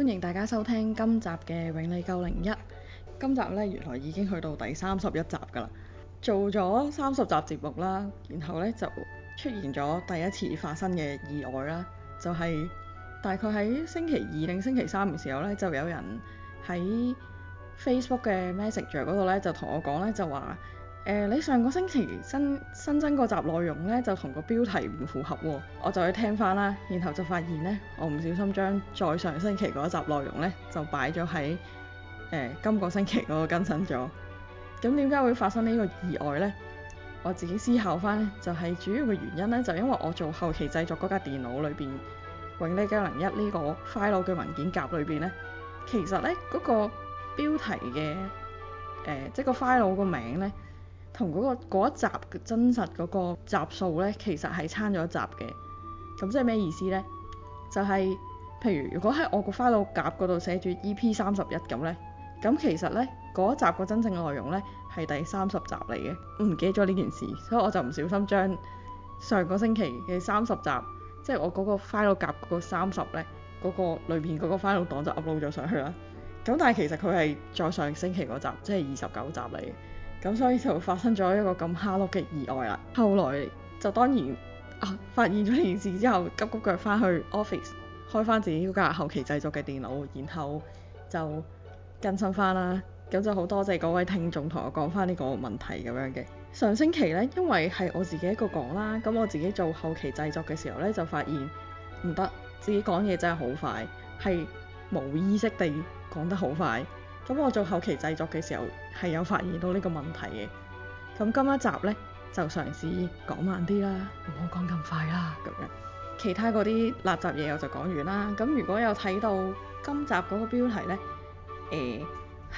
歡迎大家收聽今集嘅永利九零一。今集呢，原來已經去到第三十一集㗎啦，做咗三十集節目啦，然後呢就出現咗第一次發生嘅意外啦，就係大概喺星期二定星期三嘅時候呢，就有人喺 Facebook 嘅 Messenger 嗰度呢，就同我講呢，就話。誒、呃，你上個星期新新增嗰集內容咧，就同個標題唔符合喎、啊，我就去聽翻啦，然後就發現咧，我唔小心將再上星期嗰集內容咧就擺咗喺誒今個星期嗰個更新咗。咁點解會發生呢個意外咧？我自己思考翻咧，就係、是、主要嘅原因咧，就是、因為我做後期製作嗰架電腦裏邊，永利901呢個 file 嘅文件夾裏邊咧，其實咧嗰、那個標題嘅誒、呃，即係個 file 個名咧。同嗰個嗰一集真實嗰個集數呢，其實係差咗一集嘅。咁即係咩意思呢？就係譬如如果喺我個 file 夾嗰度寫住 E.P. 三十一咁咧，咁其實呢，嗰一集個真正嘅內容呢，係第三十集嚟嘅。我唔記得咗呢件事，所以我就唔小心將上個星期嘅三十集，即係我嗰個 file 夾嗰三十呢，嗰個裏邊嗰個 file 檔就 upload 咗上去啦。咁但係其實佢係再上星期嗰集，即係二十九集嚟嘅。咁所以就發生咗一個咁蝦碌嘅意外啦。後來就當然啊，發現咗呢件事之後，急急腳翻去 office 開翻自己家下後期製作嘅電腦，然後就更新翻啦。咁就好多謝各位聽眾同我講翻呢個問題咁樣嘅。上星期呢，因為係我自己一個講啦，咁我自己做後期製作嘅時候呢，就發現唔得，自己講嘢真係好快，係無意識地講得好快。咁我做後期製作嘅時候係有發現到呢個問題嘅。咁今一集呢，就嘗試講慢啲啦，唔好講咁快啦，咁樣。其他嗰啲垃圾嘢我就講完啦。咁如果有睇到今集嗰個標題咧，誒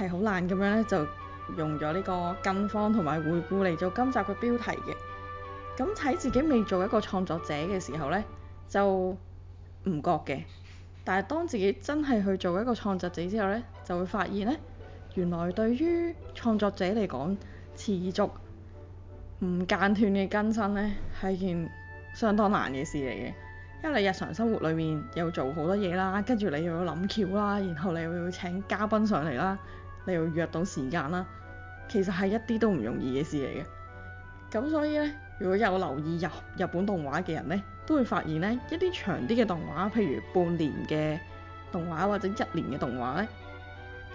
係好爛咁樣呢，欸、樣就用咗呢個近況同埋回顧嚟做今集嘅標題嘅。咁睇自己未做一個創作者嘅時候呢，就唔覺嘅。但係當自己真係去做一個創作者之後呢。就會發現咧，原來對於創作者嚟講，持續唔間斷嘅更新咧，係件相當難嘅事嚟嘅。因為你日常生活裏面又做好多嘢啦，跟住你又要諗橋啦，然後你又要請嘉賓上嚟啦，你又要約到時間啦，其實係一啲都唔容易嘅事嚟嘅。咁所以咧，如果有留意日日本動畫嘅人咧，都會發現咧一啲長啲嘅動畫，譬如半年嘅動畫或者一年嘅動畫咧，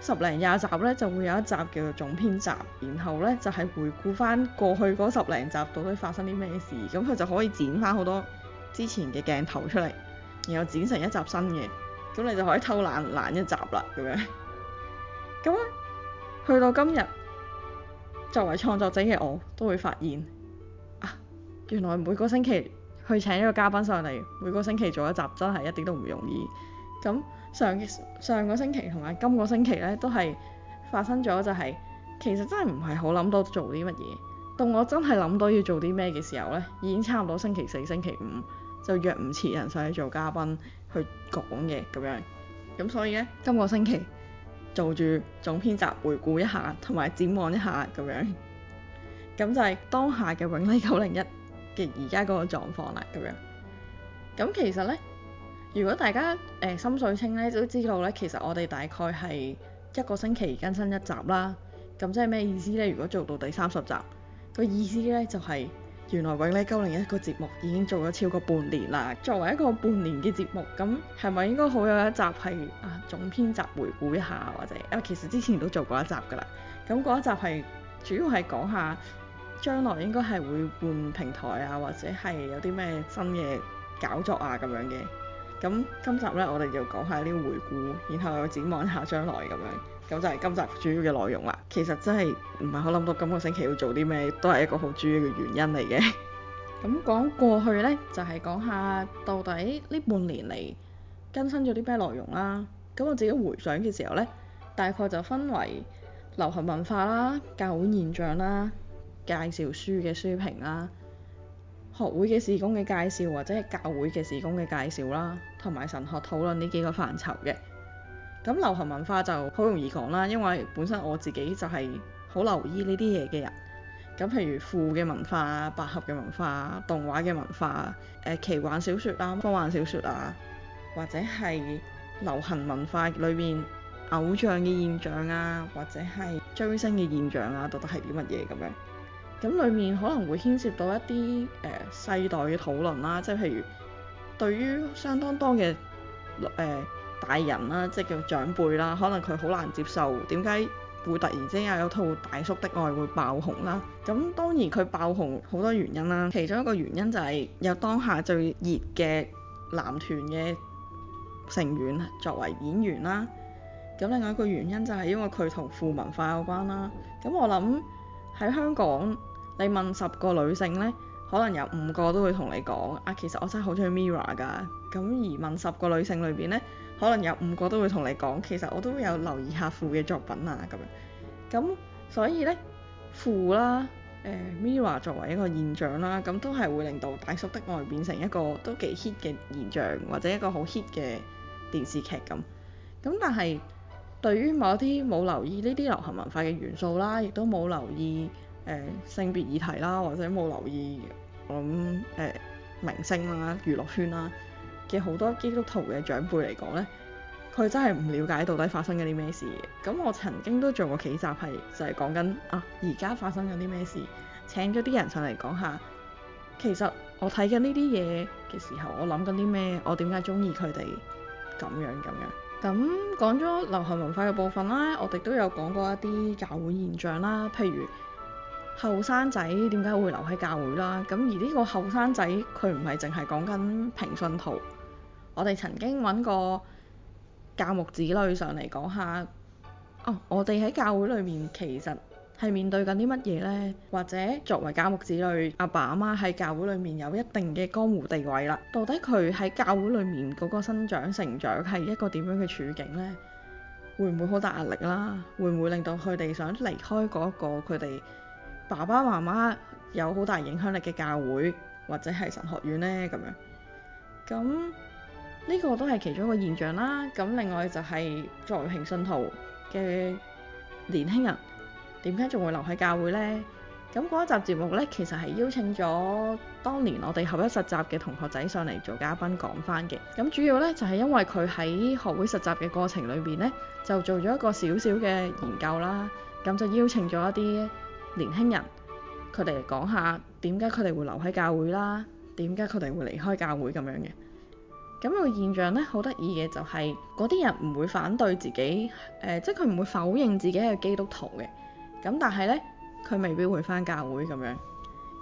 十零廿集咧就會有一集叫做總篇集，然後咧就係、是、回顧翻過去嗰十零集到底發生啲咩事，咁佢就可以剪翻好多之前嘅鏡頭出嚟，然後剪成一集新嘅，咁你就可以偷懶懶一集啦咁樣。咁 去、嗯、到今日，作為創作者嘅我都會發現，啊，原來每個星期去請一個嘉賓上嚟，每個星期做一集真係一點都唔容易，咁、嗯。上上個星期同埋今個星期咧，都係發生咗就係、係、其實真係唔係好諗到做啲乜嘢。到我真係諗到要做啲咩嘅時候咧，已經差唔多星期四、星期五就約唔切人上去做嘉賓去講嘢咁樣。咁所以咧，今個星期做住總篇集，回顧一下同埋展望一下咁樣。咁就係當下嘅永利九零一嘅而家嗰個狀況啦咁樣。咁其實咧～如果大家誒、呃、心水清咧，都知道咧，其實我哋大概係一個星期更新一集啦。咁即係咩意思呢？如果做到第三十集，個意思呢，就係、是、原來永利九零一個節目已經做咗超過半年啦。作為一個半年嘅節目，咁係咪應該好有一集係啊總篇集回顧一下，或者啊其實之前都做過一集㗎啦。咁嗰一集係主要係講下將來應該係會換平台啊，或者係有啲咩新嘅搞作啊咁樣嘅。咁今集咧，我哋就講下呢個回顧，然後又展望下將來咁樣，咁就係今集主要嘅內容啦。其實真係唔係好諗到今個星期要做啲咩，都係一個好主要嘅原因嚟嘅。咁講過去呢，就係、是、講下到底呢半年嚟更新咗啲咩內容啦。咁我自己回想嘅時候呢，大概就分為流行文化啦、教會現象啦、介紹書嘅書評啦。學會嘅事工嘅介紹，或者係教會嘅事工嘅介紹啦，同埋神學討論呢幾個範疇嘅。咁流行文化就好容易講啦，因為本身我自己就係好留意呢啲嘢嘅人。咁譬如腐嘅文化、百合嘅文化、動畫嘅文化、奇幻小説啊、科幻小説啊，或者係流行文化裏面偶像嘅現象啊，或者係追星嘅現象啊，到底係啲乜嘢咁樣。咁裡面可能會牽涉到一啲誒、呃、世代嘅討論啦，即係譬如對於相當多嘅誒、呃、大人啦，即係叫長輩啦，可能佢好難接受點解會突然之間有套《大叔的愛》會爆紅啦。咁當然佢爆紅好多原因啦，其中一個原因就係有當下最熱嘅男團嘅成員作為演員啦。咁另外一個原因就係因為佢同腐文化有關啦。咁我諗。喺香港，你問十個女性呢，可能有五個都會同你講啊，其實我真係好鍾意 Mira 噶。咁而問十個女性裏邊呢，可能有五個都會同你講，其實我都有留意下傅嘅作品啊咁樣。咁所以呢，傅啦，呃，Mira 作為一個現象啦，咁都係會令到大叔的愛變成一個都幾 hit 嘅現象，或者一個好 hit 嘅電視劇咁。咁但係，對於某啲冇留意呢啲流行文化嘅元素啦，亦都冇留意誒、呃、性別議題啦，或者冇留意我諗誒、呃、明星啦、娛樂圈啦嘅好多基督徒嘅長輩嚟講咧，佢真係唔了解到底發生緊啲咩事嘅。咁我曾經都做過幾集係就係講緊啊而家發生緊啲咩事，請咗啲人上嚟講下。其實我睇緊呢啲嘢嘅時候，我諗緊啲咩？我點解鍾意佢哋咁樣咁樣？咁講咗流行文化嘅部分啦，我哋都有講過一啲教會現象啦，譬如後生仔點解會留喺教會啦。咁而呢個後生仔佢唔係淨係講緊平信徒，我哋曾經揾過教牧子女上嚟講下。哦，我哋喺教會裏面其實係面對緊啲乜嘢呢？或者作為教牧子女，阿爸阿媽喺教會裡面有一定嘅江湖地位啦，到底佢喺教會裡面嗰個生長成長係一個點樣嘅處境呢？會唔會好大壓力啦？會唔會令到佢哋想離開嗰個佢哋爸爸媽媽有好大影響力嘅教會，或者係神學院呢？咁樣？咁呢、這個都係其中一個現象啦。咁另外就係作為平信徒嘅年輕人。點解仲會留喺教會呢？咁嗰一集節目呢，其實係邀請咗當年我哋合一實習嘅同學仔上嚟做嘉賓講翻嘅。咁主要呢，就係因為佢喺學會實習嘅過程裏邊呢，就做咗一個小小嘅研究啦。咁就邀請咗一啲年輕人，佢哋嚟講下點解佢哋會留喺教會啦，點解佢哋會離開教會咁樣嘅。咁個現象呢，好得意嘅就係嗰啲人唔會反對自己，誒，即係佢唔會否認自己係基督徒嘅。咁但係呢，佢未必會返教會咁樣。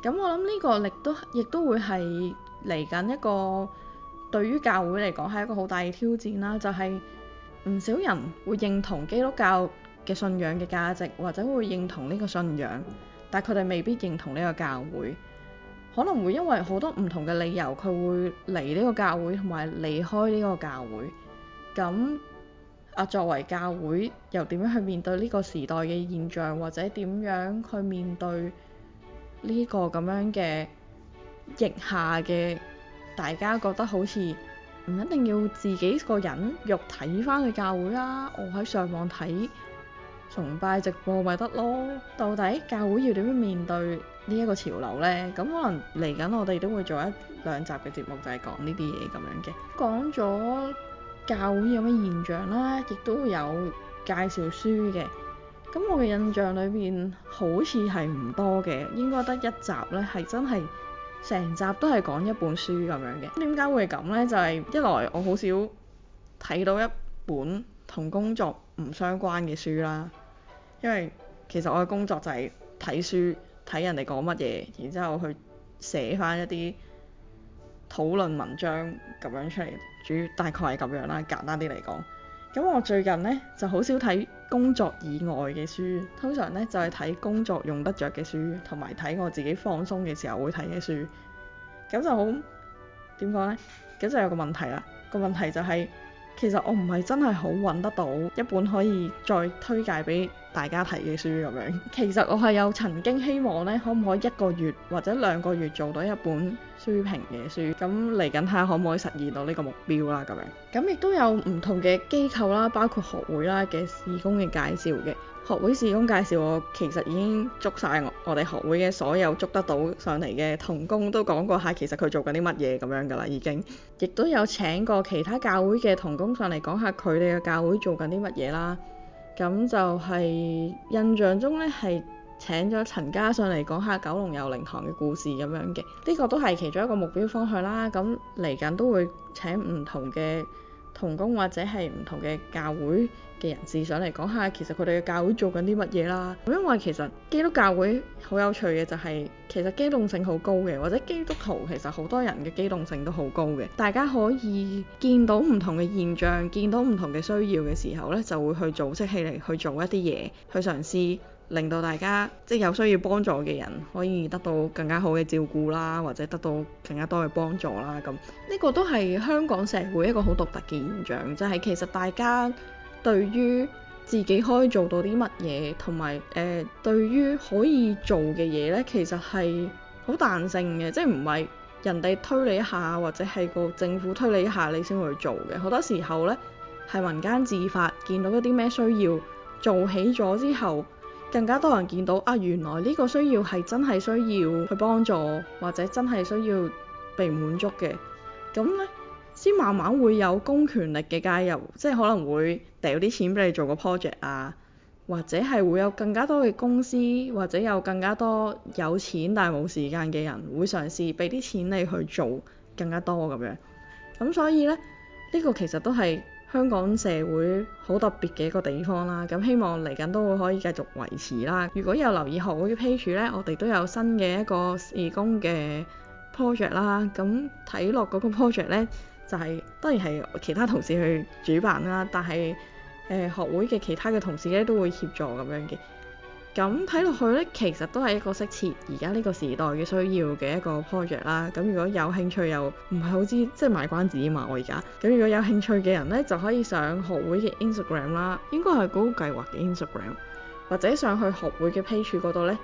咁我諗呢個力都亦都會係嚟緊一個對於教會嚟講係一個好大嘅挑戰啦。就係、是、唔少人會認同基督教嘅信仰嘅價值，或者會認同呢個信仰，但佢哋未必認同呢個教會。可能會因為好多唔同嘅理由，佢會嚟呢個教會同埋離開呢個教會。咁啊！作為教會，又點樣去面對呢個時代嘅現象，或者點樣去面對呢個咁樣嘅疫下嘅大家覺得好似唔一定要自己個人肉體返去教會啦、啊。我喺上網睇崇拜直播咪得咯？到底教會要點樣面對呢一個潮流呢？咁可能嚟緊我哋都會做一兩集嘅節目就，就係講呢啲嘢咁樣嘅，講咗。教會有咩現象啦，亦都有介紹書嘅。咁我嘅印象裏面好似係唔多嘅，應該得一集呢係真係成集都係講一本書咁樣嘅。點解會咁呢？就係一來我好少睇到一本同工作唔相關嘅書啦，因為其實我嘅工作就係睇書，睇人哋講乜嘢，然之後去寫翻一啲討論文章咁樣出嚟，主要大概係咁樣啦，簡單啲嚟講。咁我最近呢就好少睇工作以外嘅書，通常呢就係、是、睇工作用得着嘅書，同埋睇我自己放鬆嘅時候會睇嘅書。咁就好，點講呢？咁就有個問題啦。個問題就係、是、其實我唔係真係好揾得到一本可以再推介俾大家睇嘅書咁樣，其實我係有曾經希望呢，可唔可以一個月或者兩個月做到一本書評嘅書，咁嚟緊睇下可唔可以實現到呢個目標啦咁樣。咁亦都有唔同嘅機構啦，包括學會啦嘅事工嘅介紹嘅，學會事工介紹我其實已經捉晒我、我哋學會嘅所有捉得到上嚟嘅同工都講過下，其實佢做緊啲乜嘢咁樣噶啦已經，亦都有請過其他教會嘅同工上嚟講下佢哋嘅教會做緊啲乜嘢啦。咁就係印象中咧，係請咗陳家上嚟講下《九龍遊靈堂》嘅故事咁樣嘅。呢個都係其中一個目標方向啦。咁嚟緊都會請唔同嘅同工或者係唔同嘅教會嘅人士上嚟講下，其實佢哋嘅教會做緊啲乜嘢啦？咁因為其實基督教會好有趣嘅就係、是、其實機動性好高嘅，或者基督徒其實好多人嘅機動性都好高嘅。大家可以見到唔同嘅現象，見到唔同嘅需要嘅時候咧，就會去組織起嚟去做一啲嘢，去嘗試令到大家即係有需要幫助嘅人可以得到更加好嘅照顧啦，或者得到更加多嘅幫助啦。咁呢、這個都係香港社會一個好獨特嘅現象，就係、是、其實大家。對於自己可以做到啲乜嘢，同埋誒對於可以做嘅嘢呢，其實係好彈性嘅，即係唔係人哋推你一下，或者係個政府推你一下，你先會做嘅。好多時候呢，係民間自發見到一啲咩需要，做起咗之後，更加多人見到啊，原來呢個需要係真係需要去幫助，或者真係需要被滿足嘅，咁呢。先慢慢會有公權力嘅介入，即係可能會掉啲錢俾你做個 project 啊，或者係會有更加多嘅公司，或者有更加多有錢但係冇時間嘅人，會嘗試俾啲錢你去做更加多咁樣。咁所以呢，呢個其實都係香港社會好特別嘅一個地方啦。咁希望嚟緊都會可以繼續維持啦。如果有留意學會嘅 page 呢，我哋都有新嘅一個義工嘅 project 啦。咁睇落嗰個 project 呢。就係、是、當然係其他同事去主辦啦，但係誒、呃、學會嘅其他嘅同事呢都會協助咁樣嘅。咁睇落去呢，其實都係一個適切而家呢個時代嘅需要嘅一個 project 啦。咁如果有興趣又唔係好知即係賣關子啲嘛？我而家咁如果有興趣嘅人呢，就可以上學會嘅 Instagram 啦，應該係嗰個計劃嘅 Instagram，或者上去學會嘅 page 嗰度呢，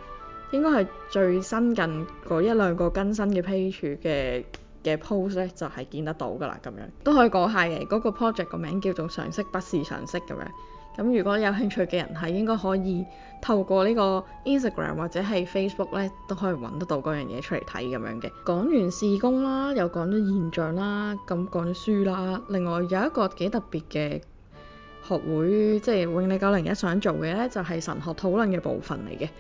應該係最新近嗰一兩個更新嘅 page 嘅。嘅 post 咧就係見得到㗎啦，咁樣都可以講下嘅。嗰、那個 project 個名叫做常識不是常識咁樣。咁如果有興趣嘅人係應該可以透過呢個 Instagram 或者係 Facebook 咧都可以揾得到嗰樣嘢出嚟睇咁樣嘅。講完事工啦，又講咗現象啦，咁講咗書啦，另外有一個幾特別嘅學會，即、就、係、是、永利九零一想做嘅呢，就係神學討論嘅部分嚟嘅。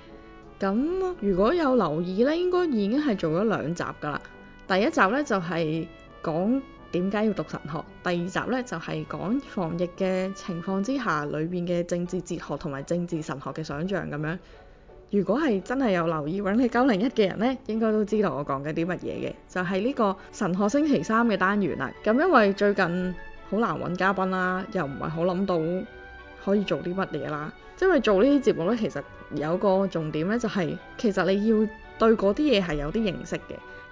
咁如果有留意呢，應該已經係做咗兩集㗎啦。第一集咧就係講點解要讀神學，第二集咧就係講防疫嘅情況之下，裏邊嘅政治哲學同埋政治神學嘅想象咁樣。如果係真係有留意永利九零一嘅人咧，應該都知道我講緊啲乜嘢嘅，就係呢個神學星期三嘅單元啦。咁因為最近好難揾嘉賓啦，又唔係好諗到可以做啲乜嘢啦。因為做呢啲節目咧，其實有個重點咧，就係其實你要對嗰啲嘢係有啲認識嘅。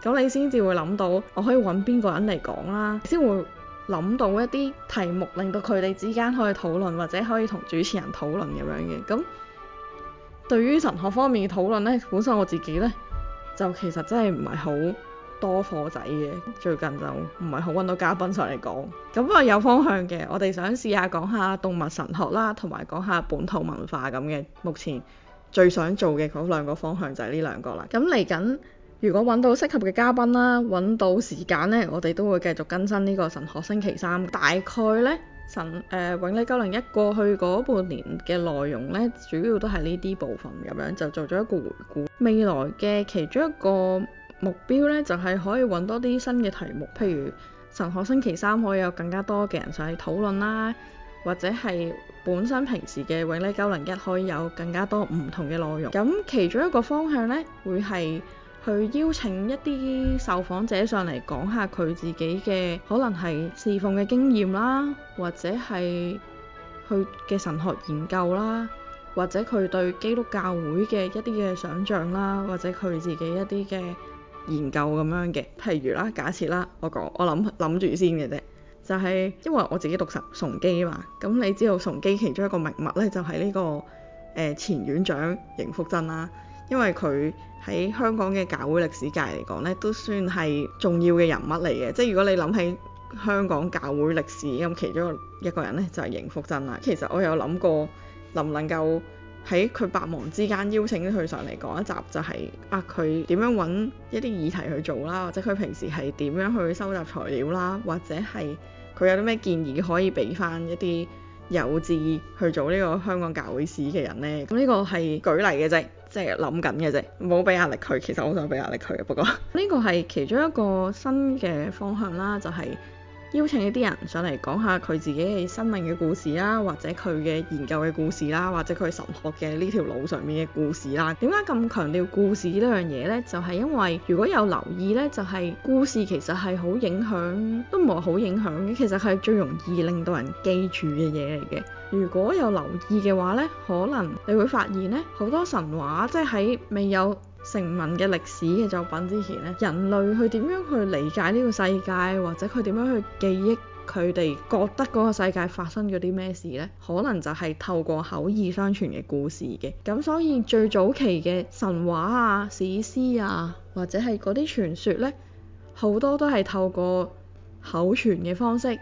咁你先至會諗到我可以揾邊個人嚟講啦，先會諗到一啲題目令到佢哋之間可以討論或者可以同主持人討論咁樣嘅。咁對於神學方面嘅討論呢，本身我自己呢，就其實真係唔係好多貨仔嘅，最近就唔係好揾到嘉賓上嚟講。咁不過有方向嘅，我哋想試下講下動物神學啦，同埋講下本土文化咁嘅。目前最想做嘅嗰兩個方向就係呢兩個啦。咁嚟緊。如果揾到適合嘅嘉賓啦，揾到時間呢，我哋都會繼續更新呢個神學星期三。大概呢，神誒、呃、永利九零一過去嗰半年嘅內容呢，主要都係呢啲部分咁樣就做咗一個回顧。未來嘅其中一個目標呢，就係、是、可以揾多啲新嘅題目，譬如神學星期三可以有更加多嘅人上去討論啦，或者係本身平時嘅永利九零一可以有更加多唔同嘅內容。咁其中一個方向呢，會係。佢邀請一啲受訪者上嚟講下佢自己嘅可能係侍奉嘅經驗啦，或者係佢嘅神學研究啦，或者佢對基督教會嘅一啲嘅想像啦，或者佢自己一啲嘅研究咁樣嘅。譬如啦，假設啦，我講我諗諗住先嘅啫，就係、是、因為我自己讀崇基啊嘛，咁你知道崇基其中一個名物咧、這個，就係呢個誒前院長邢福增啦。因為佢喺香港嘅教會歷史界嚟講呢都算係重要嘅人物嚟嘅。即係如果你諗起香港教會歷史咁，其中一個人呢，就係邢福增啦。其實我有諗過，能唔能夠喺佢百忙之間邀請佢上嚟講一集，就係、是、啊佢點樣揾一啲議題去做啦，或者佢平時係點樣去收集材料啦，或者係佢有啲咩建議可以俾翻一啲有志去做呢個香港教會史嘅人呢？」咁呢個係舉例嘅啫。即係諗緊嘅啫，唔好俾壓力佢。其實我想俾壓力佢，不過呢個係其中一個新嘅方向啦，就係、是。邀請一啲人上嚟講下佢自己嘅生命嘅故事啦，或者佢嘅研究嘅故事啦，或者佢神學嘅呢條路上面嘅故事啦。點解咁強調故事呢樣嘢咧？就係因為如果有留意咧，就係故事其實係好影響，都唔係好影響嘅。其實係最容易令到人記住嘅嘢嚟嘅。如果有留意嘅話咧，可能你會發現咧，好多神話即係喺未有。成文嘅歷史嘅作品之前呢，人類去點樣去理解呢個世界，或者佢點樣去記憶佢哋覺得嗰個世界發生咗啲咩事呢？可能就係透過口耳相傳嘅故事嘅。咁所以最早期嘅神話啊、史詩啊，或者係嗰啲傳說呢，好多都係透過口傳嘅方式。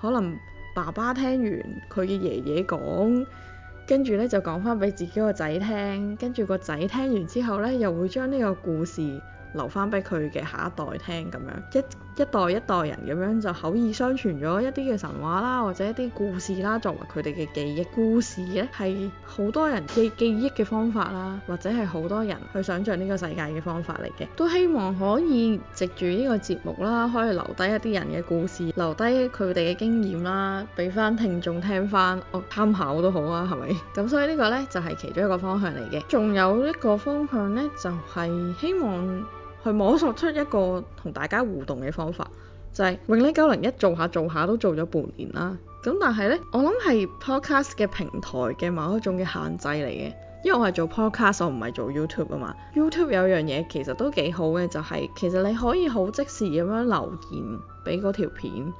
可能爸爸聽完佢嘅爺爺講。跟住咧就講翻俾自己個仔聽。跟住個仔聽完之後咧，又會將呢個故事。留翻俾佢嘅下一代聽咁樣，一一代一代人咁樣就口耳相傳咗一啲嘅神話啦，或者一啲故事啦，作為佢哋嘅記憶。故事咧係好多人嘅記憶嘅方法啦，或者係好多人去想像呢個世界嘅方法嚟嘅。都希望可以藉住呢個節目啦，可以留低一啲人嘅故事，留低佢哋嘅經驗啦，俾翻聽眾聽翻，參考都好啊，係咪？咁 所以呢個呢，就係其中一個方向嚟嘅。仲有一個方向呢，就係希望。去摸索出一個同大家互動嘅方法，就係永利901做下做下都做咗半年啦。咁但係呢，我諗係 podcast 嘅平台嘅某一種嘅限制嚟嘅，因為我係做 podcast，我唔係做 YouTube 啊嘛。YouTube 有樣嘢其實都幾好嘅，就係其實你可以好即時咁樣留言俾嗰條片，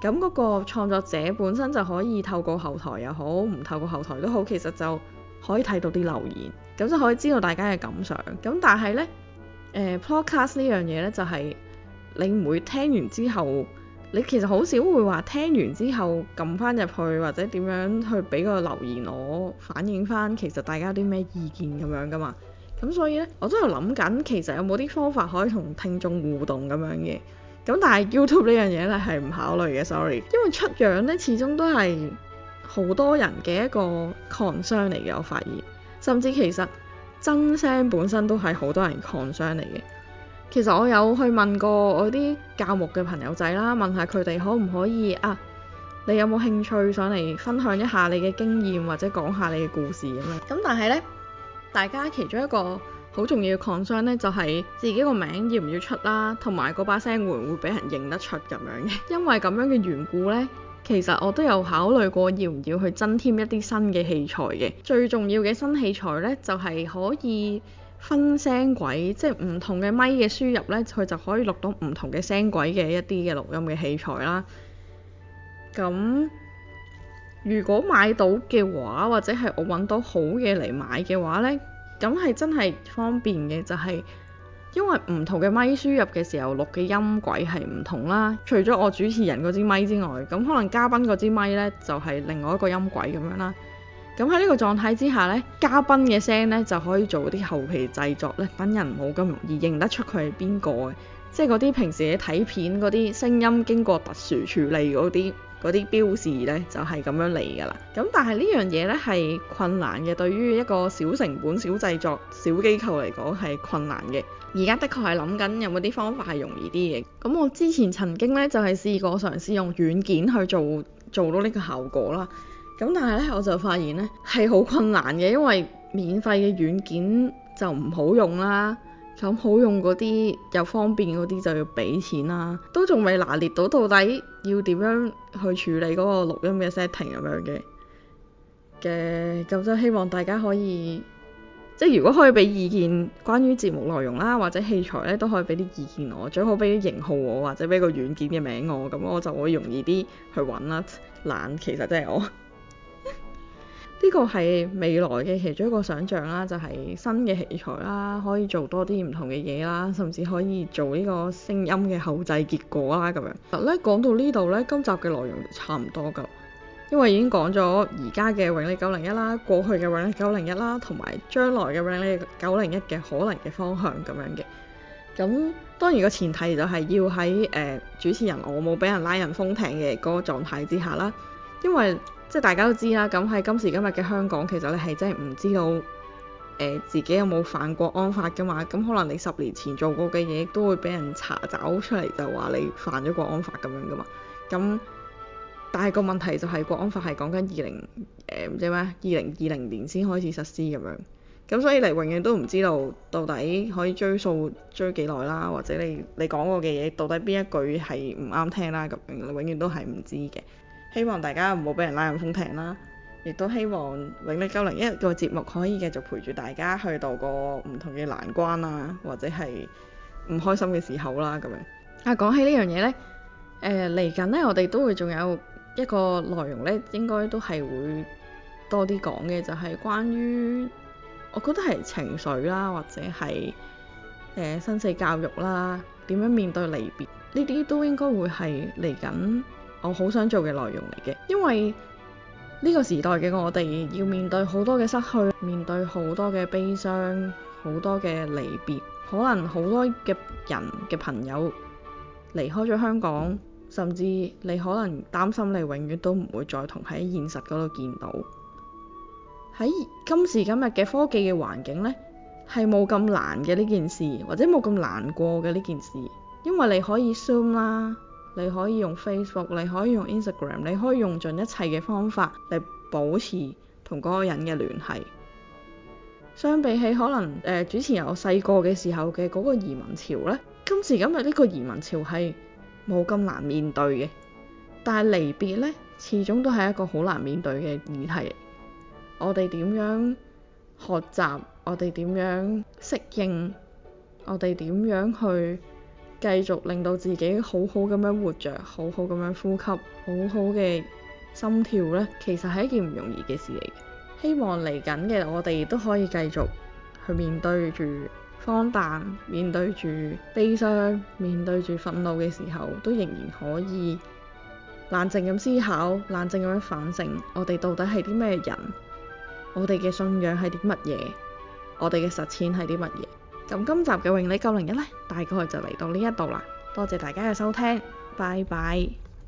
咁嗰個創作者本身就可以透過後台又好，唔透過後台都好，其實就可以睇到啲留言，咁就可以知道大家嘅感想。咁但係呢。誒、呃、podcast 呢樣嘢呢，就係、是、你唔會聽完之後，你其實好少會話聽完之後撳翻入去或者點樣去俾個留言我反映翻其實大家有啲咩意見咁樣噶嘛，咁所以呢，我都係諗緊其實有冇啲方法可以同聽眾互動咁樣嘅。咁但係 YouTube 呢樣嘢呢，係唔考慮嘅，sorry。因為出樣呢，始終都係好多人嘅一個 concern 嚟嘅，我發現，甚至其實。真聲本身都係好多人 concern 嚟嘅。其實我有去問過我啲教牧嘅朋友仔啦，問下佢哋可唔可以啊？你有冇興趣上嚟分享一下你嘅經驗，或者講下你嘅故事咁樣？咁但係呢，大家其中一個好重要 concern 呢，就係自己個名要唔要出啦，同埋嗰把聲會唔會俾人認得出咁樣嘅。因為咁樣嘅緣故呢。其實我都有考慮過要唔要去增添一啲新嘅器材嘅，最重要嘅新器材呢，就係可以分聲軌，即係唔同嘅咪嘅輸入呢，佢就可以錄到唔同嘅聲軌嘅一啲嘅錄音嘅器材啦。咁如果買到嘅話，或者係我揾到好嘢嚟買嘅話呢，咁係真係方便嘅，就係。因為唔同嘅咪輸入嘅時候錄嘅音軌係唔同啦，除咗我主持人嗰支咪之外，咁可能嘉賓嗰支咪呢，就係另外一個音軌咁樣啦。咁喺呢個狀態之下呢，嘉賓嘅聲呢，就可以做啲後期製作呢，等人冇咁容易認得出佢係邊個嘅，即係嗰啲平時你睇片嗰啲聲音經過特殊處理嗰啲。嗰啲標示呢就係咁樣嚟㗎啦。咁但係呢樣嘢呢係困難嘅，對於一個小成本、小製作、小機構嚟講係困難嘅。而家的確係諗緊有冇啲方法係容易啲嘅。咁我之前曾經呢就係試過嘗試用軟件去做，做到呢個效果啦。咁但係呢，我就發現呢係好困難嘅，因為免費嘅軟件就唔好用啦。咁好用嗰啲又方便嗰啲就要俾錢啦，都仲未拿捏到到底要點樣去處理嗰個錄音嘅 setting 咁樣嘅嘅，咁就希望大家可以即係、就是、如果可以俾意見，關於節目內容啦或者器材咧都可以俾啲意見我，最好俾啲型號我或者俾個軟件嘅名我，咁我就會容易啲去揾啦。懶其實真係我。呢個係未來嘅其中一個想像啦，就係、是、新嘅器材啦，可以做多啲唔同嘅嘢啦，甚至可以做呢個聲音嘅後製結果啦咁樣。其實咧講到呢度呢，今集嘅內容就差唔多㗎，因為已經講咗而家嘅永利九零一啦，過去嘅永利九零一啦，同埋將來嘅永利九零一嘅可能嘅方向咁樣嘅。咁當然個前提就係要喺誒、呃、主持人我冇俾人拉人封艇嘅嗰個狀態之下啦，因為即係大家都知啦，咁喺今時今日嘅香港，其實你係真係唔知道誒、呃、自己有冇犯國安法噶嘛？咁可能你十年前做過嘅嘢，都會俾人查找出嚟，就話你犯咗國安法咁樣噶嘛。咁但係個問題就係、是、國安法係講緊二零誒唔知咩？二零二零年先開始實施咁樣的。咁所以你永遠都唔知道到底可以追溯追幾耐啦，或者你你講過嘅嘢到底邊一句係唔啱聽啦，咁你永遠都係唔知嘅。希望大家唔好俾人拉入風艇啦，亦都希望永利901個節目可以繼續陪住大家去度過唔同嘅難關啊，或者係唔開心嘅時候啦咁樣。啊，講起呢樣嘢呢，嚟緊呢，我哋都會仲有一個內容呢，應該都係會多啲講嘅，就係、是、關於我覺得係情緒啦，或者係誒、呃、生死教育啦，點樣面對離別呢啲都應該會係嚟緊。我好想做嘅內容嚟嘅，因為呢個時代嘅我哋要面對好多嘅失去，面對好多嘅悲傷，好多嘅離別，可能好多嘅人嘅朋友離開咗香港，甚至你可能擔心你永遠都唔會再同喺現實嗰度見到。喺今時今日嘅科技嘅環境呢，係冇咁難嘅呢件事，或者冇咁難過嘅呢件事，因為你可以 Zoom 啦。你可以用 Facebook，你可以用 Instagram，你可以用盡一切嘅方法嚟保持同嗰個人嘅聯繫。相比起可能誒主持人我細個嘅時候嘅嗰個移民潮呢，今時今日呢個移民潮係冇咁難面對嘅。但係離別呢，始終都係一個好難面對嘅議題。我哋點樣學習？我哋點樣適應？我哋點樣去？繼續令到自己好好咁樣活着，好好咁樣呼吸，好好嘅心跳呢，其實係一件唔容易嘅事嚟嘅。希望嚟緊嘅我哋都可以繼續去面對住荒誕，面對住悲傷，面對住憤怒嘅時候，都仍然可以冷靜咁思考，冷靜咁樣反省，我哋到底係啲咩人，我哋嘅信仰係啲乜嘢，我哋嘅實踐係啲乜嘢。咁今集嘅永你九零一、永利901呢，大概就嚟到呢一度啦，多謝大家嘅收聽，拜拜。